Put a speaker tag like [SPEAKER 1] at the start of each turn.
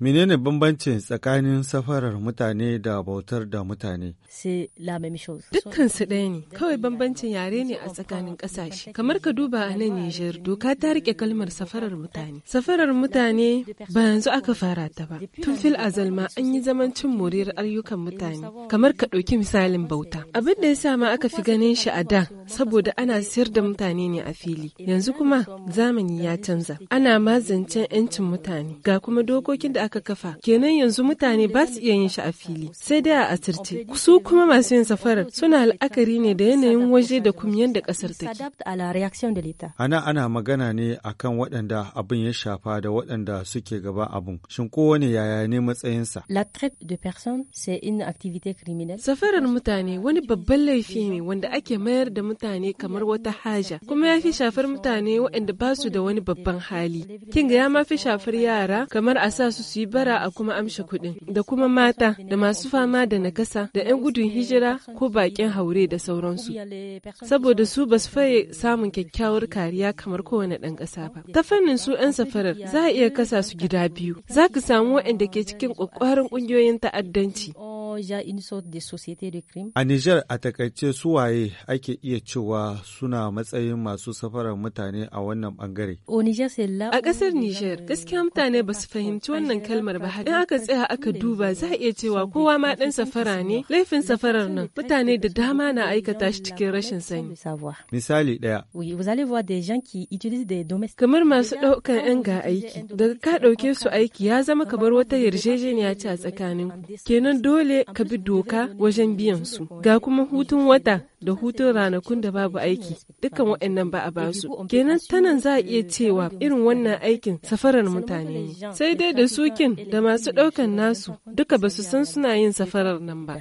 [SPEAKER 1] Menene bambancin tsakanin safarar mutane da bautar da mutane?
[SPEAKER 2] Dukkansu ɗaya ne, kawai bambancin yare ne a tsakanin ƙasashe. Kamar ka duba a nan Nijar, doka ta riƙe kalmar safarar mutane. Safarar mutane ba yanzu aka fara ta ba. Tun fil azal an yi zaman cin moriyar ayyukan mutane. Kamar ka ɗauki misalin bauta. Abin da ya sa ma aka fi ganin shi a da, saboda ana siyar da mutane ne a fili. Yanzu kuma zamani ya canza. Ana ma zancen 'yancin mutane. Ga kuma dokokin da aka kafa kenan yanzu mutane ba su iya yin shi a fili sai dai a asirce su kuma masu yin safarar suna la'akari ne da yanayin waje da kuma da kasar take
[SPEAKER 1] ana ana magana ne akan waɗanda abin ya shafa da waɗanda suke gaba abin shin kowane yaya ne matsayinsa
[SPEAKER 2] safarar mutane wani babban laifi ne wanda ake mayar da mutane kamar wata haja kuma ya fi shafar mutane waɗanda ba su da wani babban hali kinga ya ma fi shafar yara kamar a sa su su yi bara a kuma amshe kuɗin da kuma mata da masu fama da nakasa da 'yan gudun hijira ko baƙin haure da sauransu saboda su basu su samun kyakkyawar kariya kamar kowane ɗan ƙasa ba ta fannin su 'yan safarar za a iya kasa su gida biyu za ka samu waɗanda ke cikin ƙwaƙƙwarin ƙungiyoyin ta'addanci déjà une sorte de société
[SPEAKER 1] A Niger a takaice suwaye ake iya cewa suna matsayin masu safarar mutane
[SPEAKER 2] a wannan bangare. A kasar Niger gaskiya mutane ba su fahimci wannan kalmar ba in aka tsaya aka duba za a iya cewa kowa ma dan safara ne laifin safarar nan mutane da dama na aikata shi cikin rashin sani.
[SPEAKER 1] Misali daya.
[SPEAKER 2] Kamar masu ɗaukan ƴan ga aiki daga ka ɗauke su aiki ya zama kamar wata yarjejeniya ce a tsakanin kenan dole ka bi doka wajen biyan su. Ga kuma hutun wata da hutun ranakun da babu aiki dukkan waɗannan ba a basu. Kenan tanan za a iya cewa irin wannan aikin safarar mutane ne. Sai dai da sukin da masu ɗaukan nasu duka ba su san suna yin safarar nan ba.